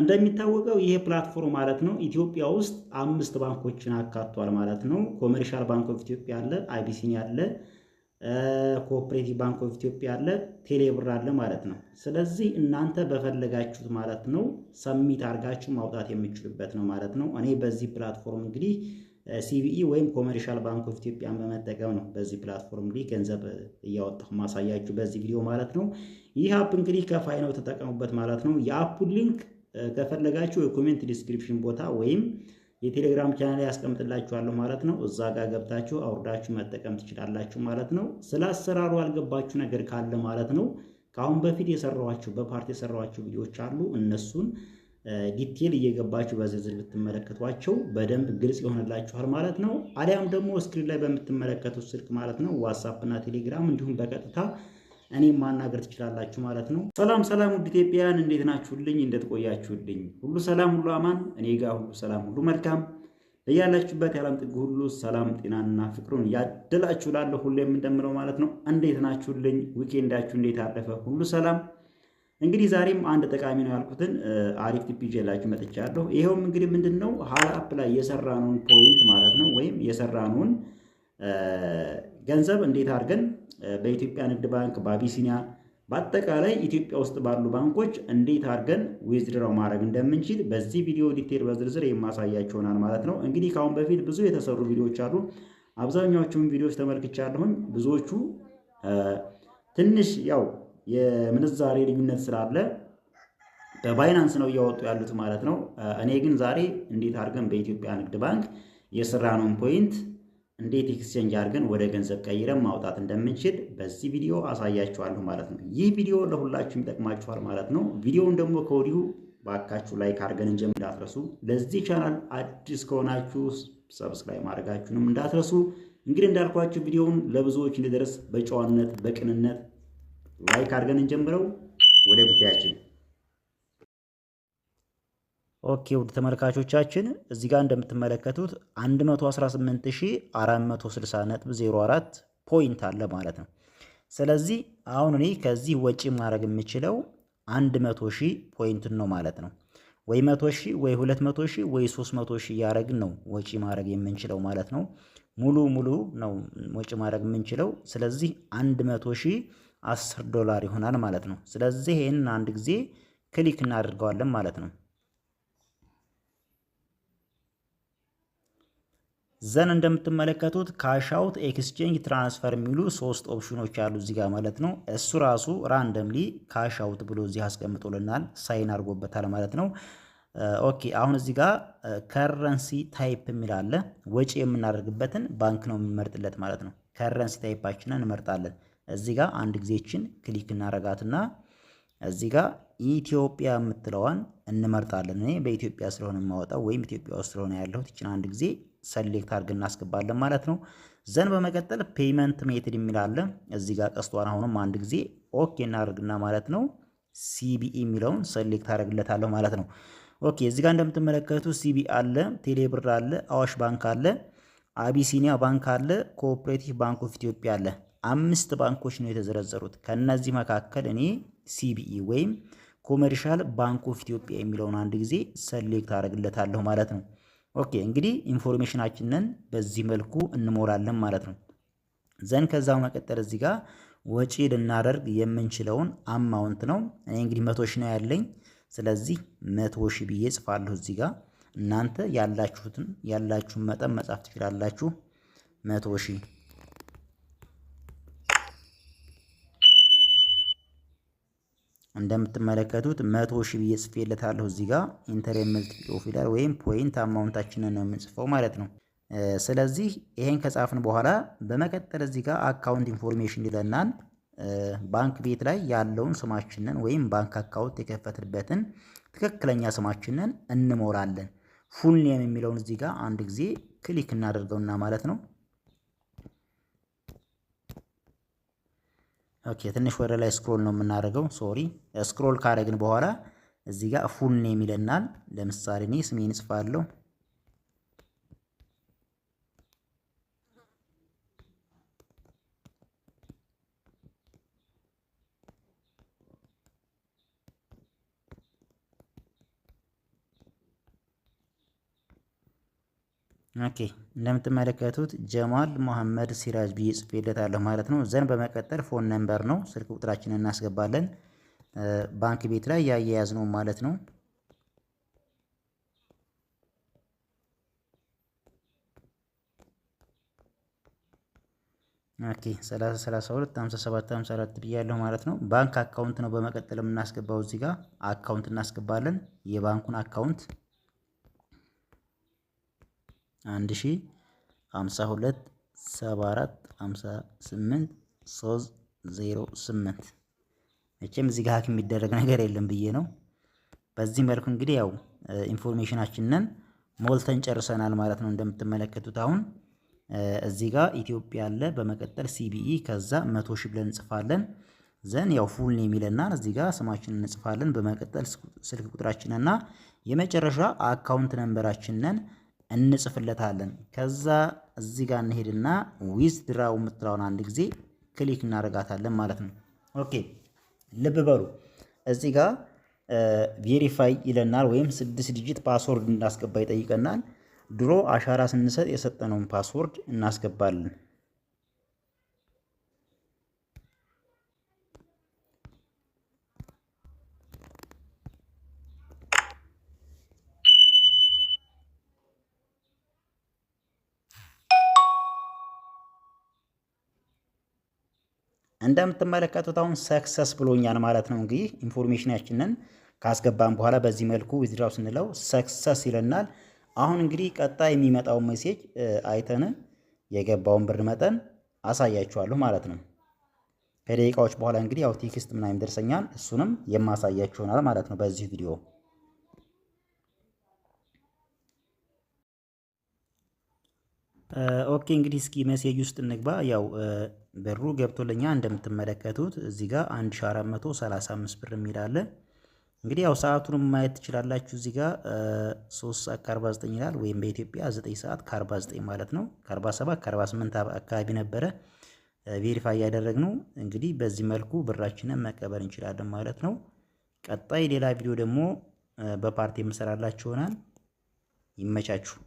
እንደሚታወቀው ይሄ ፕላትፎርም ማለት ነው ኢትዮጵያ ውስጥ አምስት ባንኮችን አካቷል ማለት ነው። ኮመርሻል ባንክ ኦፍ ኢትዮጵያ አለ፣ አቢሲኒያ አለ፣ ኮኦፕሬቲቭ ባንክ ኦፍ ኢትዮጵያ አለ፣ ቴሌብር አለ ማለት ነው። ስለዚህ እናንተ በፈለጋችሁት ማለት ነው ሰሚት አድርጋችሁ ማውጣት የምችሉበት ነው ማለት ነው። እኔ በዚህ ፕላትፎርም እንግዲህ ሲቢኢ ወይም ኮመርሻል ባንክ ኦፍ ኢትዮጵያን በመጠቀም ነው በዚህ ፕላትፎርም እንግዲህ ገንዘብ እያወጣሁ ማሳያችሁ በዚህ ቪዲዮ ማለት ነው። ይህ አፕ እንግዲህ ከፋይ ነው ተጠቀሙበት ማለት ነው። የአፑ ሊንክ ከፈለጋችሁ የኮሜንት ዲስክሪፕሽን ቦታ ወይም የቴሌግራም ቻናል ያስቀምጥላችኋለሁ ማለት ነው። እዛ ጋር ገብታችሁ አውርዳችሁ መጠቀም ትችላላችሁ ማለት ነው። ስለ አሰራሩ ያልገባችሁ ነገር ካለ ማለት ነው ከአሁን በፊት የሰራኋችሁ በፓርት የሰራኋችሁ ቪዲዮዎች አሉ። እነሱን ዲቴል እየገባችሁ በዝርዝር ብትመለከቷቸው በደንብ ግልጽ ይሆንላችኋል ማለት ነው። አሊያም ደግሞ ስክሪን ላይ በምትመለከቱት ስልክ ማለት ነው ዋትሳፕ እና ቴሌግራም እንዲሁም በቀጥታ እኔም ማናገር ትችላላችሁ ማለት ነው። ሰላም ሰላም፣ ውድ ኢትዮጵያውያን እንዴት ናችሁልኝ? እንዴት ቆያችሁልኝ? ሁሉ ሰላም፣ ሁሉ አማን፣ እኔ ጋር ሁሉ ሰላም፣ ሁሉ መልካም። በያላችሁበት የዓለም ጥግ ሁሉ ሰላም፣ ጤናና ፍቅሩን ያደላችሁ ላለሁ ሁሌም እንደምለው ማለት ነው። እንዴት ናችሁልኝ? ዊኬንዳችሁ እንዴት አለፈ? ሁሉ ሰላም እንግዲህ ዛሬም አንድ ጠቃሚ ነው ያልኩትን አሪፍ ቲፕ ይዤላችሁ መጥቻለሁ። ይኸውም እንግዲህ ምንድን ነው ሀላፕ ላይ የሰራነውን ፖይንት ማለት ነው ወይም የሰራነውን ገንዘብ እንዴት አድርገን በኢትዮጵያ ንግድ ባንክ በአቢሲኒያ በአጠቃላይ ኢትዮጵያ ውስጥ ባሉ ባንኮች እንዴት አድርገን ዊዝድራው ማድረግ እንደምንችል በዚህ ቪዲዮ ዲቴል በዝርዝር የማሳያችሁ ማለት ነው። እንግዲህ ከአሁን በፊት ብዙ የተሰሩ ቪዲዮዎች አሉ። አብዛኛዎቹን ቪዲዮዎች ተመልክቻለሁኝ። ብዙዎቹ ትንሽ ያው የምንዛሬ ልዩነት ስላለ በባይናንስ ነው እያወጡ ያሉት ማለት ነው። እኔ ግን ዛሬ እንዴት አድርገን በኢትዮጵያ ንግድ ባንክ የስራነውን ፖይንት እንዴት ኤክስቼንጅ አድርገን ወደ ገንዘብ ቀይረን ማውጣት እንደምንችል በዚህ ቪዲዮ አሳያችኋለሁ ማለት ነው። ይህ ቪዲዮ ለሁላችሁም ይጠቅማችኋል ማለት ነው። ቪዲዮውን ደግሞ ከወዲሁ ባካችሁ ላይክ አድርገን እንጀምር እንዳትረሱ። ለዚህ ቻናል አዲስ ከሆናችሁ ሰብስክራይብ ማድረጋችሁንም እንዳትረሱ። እንግዲህ እንዳልኳችሁ ቪዲዮውን ለብዙዎች እንዲደርስ በጨዋነት በቅንነት ላይክ አድርገን እንጀምረው። ወደ ጉዳያችን ኦኬ ውድ ተመልካቾቻችን እዚህ ጋር እንደምትመለከቱት 118460.04 ፖይንት አለ ማለት ነው። ስለዚህ አሁን እኔ ከዚህ ወጪ ማድረግ የምችለው 100000 ሺህ ፖይንት ነው ማለት ነው። ወይ 100 ወይ 200 ወይ 300 ሺህ እያደረግን ነው ወጪ ማድረግ የምንችለው ማለት ነው። ሙሉ ሙሉ ነው ወጪ ማድረግ የምንችለው። ስለዚህ 100 ሺህ 10 ዶላር ይሆናል ማለት ነው። ስለዚህ ይህንን አንድ ጊዜ ክሊክ እናደርገዋለን ማለት ነው። ዘን እንደምትመለከቱት ካሻውት ኤክስቼንጅ ትራንስፈር የሚሉ ሶስት ኦፕሽኖች አሉ እዚህ ጋር ማለት ነው። እሱ ራሱ ራንደምሊ ካሻውት ብሎ እዚህ አስቀምጦልናል፣ ሳይን አድርጎበታል ማለት ነው። ኦኬ አሁን እዚህ ጋር ከረንሲ ታይፕ የሚል አለ። ወጪ የምናደርግበትን ባንክ ነው የምንመርጥለት ማለት ነው። ከረንሲ ታይፓችንን እንመርጣለን። እዚህ ጋር አንድ ጊዜችን ክሊክ እናረጋትና እዚህ ጋር ኢትዮጵያ የምትለዋን እንመርጣለን። እኔ በኢትዮጵያ ስለሆነ የማወጣው ወይም ኢትዮጵያ ውስጥ ስለሆነ ያለሁት ይችን አንድ ጊዜ ሰሌክት አድርግ እናስገባለን ማለት ነው። ዘን በመቀጠል ፔይመንት ሜትድ የሚላለ እዚህ ጋር ቀስቷን አሁንም አንድ ጊዜ ኦኬ እናደርግና ማለት ነው ሲቢኢ የሚለውን ሰሌክት አደርግለታለሁ ማለት ነው። ኦኬ እዚህ ጋር እንደምትመለከቱ ሲቢ አለ፣ ቴሌብር አለ፣ አዋሽ ባንክ አለ፣ አቢሲኒያ ባንክ አለ፣ ኮኦፕሬቲቭ ባንክ ኦፍ ኢትዮጵያ አለ። አምስት ባንኮች ነው የተዘረዘሩት። ከነዚህ መካከል እኔ ሲቢኢ ወይም ኮመርሻል ባንክ ኦፍ ኢትዮጵያ የሚለውን አንድ ጊዜ ሰሌክት አደርግለታለሁ ማለት ነው። ኦኬ እንግዲህ ኢንፎርሜሽናችንን በዚህ መልኩ እንሞላለን ማለት ነው። ዘንድ ከዛው መቀጠል እዚህ ጋር ወጪ ልናደርግ የምንችለውን አማውንት ነው። እኔ እንግዲህ መቶ ሺ ነው ያለኝ። ስለዚህ መቶ ሺ ብዬ ጽፋለሁ እዚህ ጋር እናንተ ያላችሁትን ያላችሁን መጠን መጻፍ ትችላላችሁ። መቶ ሺህ እንደምትመለከቱት መቶ ሺህ ብዬ ጽፌለታለሁ። እዚህ ጋር ኢንተር የሚል ጽሑፍ ይላል፣ ወይም ፖይንት አማውንታችንን ነው የምንጽፈው ማለት ነው። ስለዚህ ይሄን ከጻፍን በኋላ በመቀጠል እዚህ ጋር አካውንት ኢንፎርሜሽን ይለናል። ባንክ ቤት ላይ ያለውን ስማችንን ወይም ባንክ አካውንት የከፈትንበትን ትክክለኛ ስማችንን እንሞላለን። ፉል ኔም የሚለውን እዚህ ጋር አንድ ጊዜ ክሊክ እናደርገውና ማለት ነው ኦኬ ትንሽ ወደ ላይ ስክሮል ነው የምናደርገው። ሶሪ ስክሮል ካደረግን በኋላ እዚህ ጋር ፉል ኔም ይለናል። ለምሳሌ እኔ ስሜን እጽፋለሁ። ኦኬ እንደምትመለከቱት ጀማል መሐመድ ሲራጅ ብዬ ጽፌለታለሁ ማለት ነው። ዘን በመቀጠል ፎን ነምበር ነው፣ ስልክ ቁጥራችንን እናስገባለን። ባንክ ቤት ላይ ያያያዝ ነው ማለት ነው። ኦኬ 332 57 54 ብያለሁ ማለት ነው። ባንክ አካውንት ነው በመቀጠል የምናስገባው እዚህ ጋር አካውንት እናስገባለን የባንኩን አካውንት አንድ ሺ ሀምሳ ሁለት ሰባ አራት ሀምሳ ስምንት ሶስት ዜሮ ስምንት መቼም እዚህ ጋር ሀክ የሚደረግ ነገር የለም ብዬ ነው። በዚህ መልኩ እንግዲህ ያው ኢንፎርሜሽናችንን ሞልተን ጨርሰናል ማለት ነው። እንደምትመለከቱት አሁን እዚህ ጋር ኢትዮጵያ አለ። በመቀጠል ሲቢኢ ከዛ መቶ ሺ ብለን እንጽፋለን። ዘን ያው ፉል ኔም ይለናል። እዚህ ጋር ስማችንን እንጽፋለን። በመቀጠል ስልክ ቁጥራችንና የመጨረሻ አካውንት ነንበራችንን እንጽፍለታለን። ከዛ እዚህ ጋር እንሄድና ዊዝ ድራው የምትለውን አንድ ጊዜ ክሊክ እናደርጋታለን ማለት ነው። ኦኬ ልብ በሉ እዚህ ጋር ቬሪፋይ ይለናል፣ ወይም ስድስት ዲጂት ፓስወርድ እንዳስገባ ይጠይቀናል። ድሮ አሻራ ስንሰጥ የሰጠነውን ፓስወርድ እናስገባለን። እንደምትመለከቱት አሁን ሰክሰስ ብሎኛል ማለት ነው። እንግዲህ ኢንፎርሜሽናችንን ካስገባን በኋላ በዚህ መልኩ ዊዝድራው ስንለው ሰክሰስ ይለናል። አሁን እንግዲህ ቀጣ የሚመጣውን ሜሴጅ አይተን የገባውን ብር መጠን አሳያችኋለሁ ማለት ነው። ከደቂቃዎች በኋላ እንግዲህ ያው ቴክስት ምናምን ደርሰኛል። እሱንም የማሳያችሁናል ማለት ነው በዚህ ቪዲዮ ኦኬ እንግዲህ እስኪ መሴጅ ውስጥ እንግባ። ያው ብሩ ገብቶልኛ እንደምትመለከቱት እዚህ ጋር 1435 ብር የሚል አለ። እንግዲህ ያው ሰዓቱንም ማየት ትችላላችሁ። እዚህ ጋር 3 ሰዓት 49 ይላል፣ ወይም በኢትዮጵያ 9 ሰዓት 49 ማለት ነው 47 ከ48 አካባቢ ነበረ ቬሪፋይ ያደረግነው። እንግዲህ በዚህ መልኩ ብራችንን መቀበል እንችላለን ማለት ነው። ቀጣይ ሌላ ቪዲዮ ደግሞ በፓርቲ የምሰራላችሁ ይሆናል። ይመቻችሁ።